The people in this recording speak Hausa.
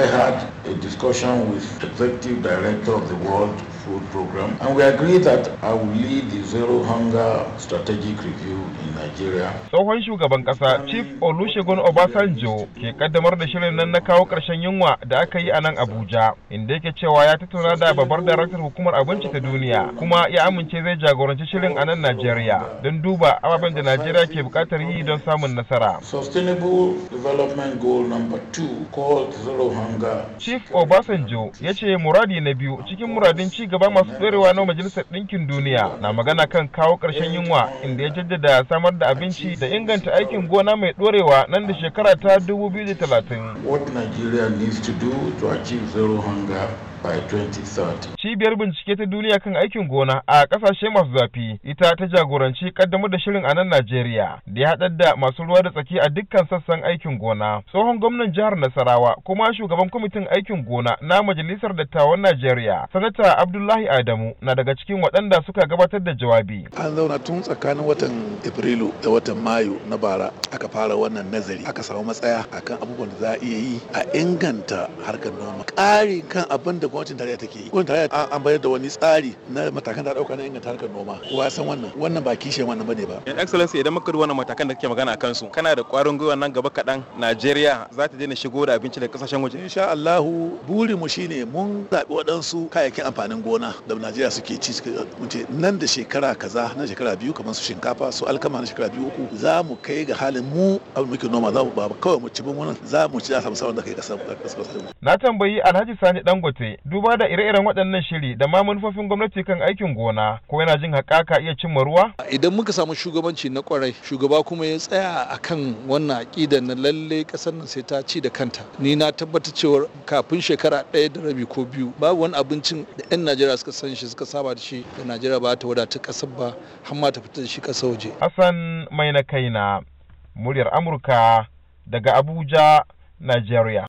I had a discussion with the executive director of the World food program. And we agree that I will lead the Zero Hunger Strategic Review in Nigeria. Tsohon shugaban kasa Chief Olusegun Obasanjo ke kaddamar da shirin nan na kawo ƙarshen yunwa da aka yi a nan Abuja, inda yake cewa ya tattauna da babbar daraktar hukumar abinci ta duniya, kuma ya amince zai jagoranci shirin a nan Najeriya don duba ababen da Najeriya ke bukatar yi don samun nasara. Sustainable Development Goal Number 2 called Zero Hunger. Chief Obasanjo ya ce muradi na biyu cikin muradin ci gaba masu tsarewa na majalisar ɗinkin duniya na magana kan kawo ƙarshen yunwa inda ya jaddada samar da abinci da inganta aikin gona mai ɗorewa nan da shekara ta 2030. What Nigeria needs to do to achieve zero hunger Cibiyar bincike ta duniya kan aikin gona a kasashe masu zafi ita ta jagoranci kaddamar da shirin a nan Najeriya da ya haɗar da masu ruwa da tsaki a dukkan sassan aikin gona. Tsohon gwamnan jihar Nasarawa kuma shugaban kwamitin aikin gona na Majalisar Dattawan Najeriya, Sanata Abdullahi Adamu na daga cikin waɗanda suka gabatar da jawabi. An zauna tun tsakanin watan Afrilu da watan Mayu na bara aka fara wannan nazari aka samu matsaya akan abubuwan da za a iya yi a inganta harkar noma. Ƙari kan abin da gwamnatin tarayya take yi gwamnatin tarayya an bayar da wani tsari na matakan da dauka na inganta harkar noma kowa san wannan wannan ba kishin wannan bane ba yan excellence idan muka duba wannan matakan da kake magana akan su kana da kwarin gwiwa nan gaba kadan Najeriya za ta daina shigo da abinci daga kasashen waje insha Allah burin mu shine mun zabi wadansu kayayyakin amfanin gona da Najeriya suke ci nan da shekara kaza na shekara biyu kamar su shinkafa su alkama na shekara biyu uku za mu kai ga halin mu abin muke noma za mu ba kawai mu ci bin wannan za mu ci za mu samu da kai kasar kasar na tambayi Alhaji Sani Dangote duba da ire-iren waɗannan shiri da ma manufofin gwamnati kan aikin gona ko yana jin haƙa iya cimma ruwa idan muka samu shugabanci na kwarai shugaba kuma ya tsaya a kan wannan aƙida na lalle ƙasar nan sai ta ci da kanta ni na tabbatar cewa kafin shekara ɗaya da rabi ko biyu babu wani abincin da 'yan najeriya suka san shi suka saba da shi da najeriya ba ta wadata ƙasar ba har ma ta fita da shi ƙasar waje hassan mai na kai na muryar amurka daga abuja nigeria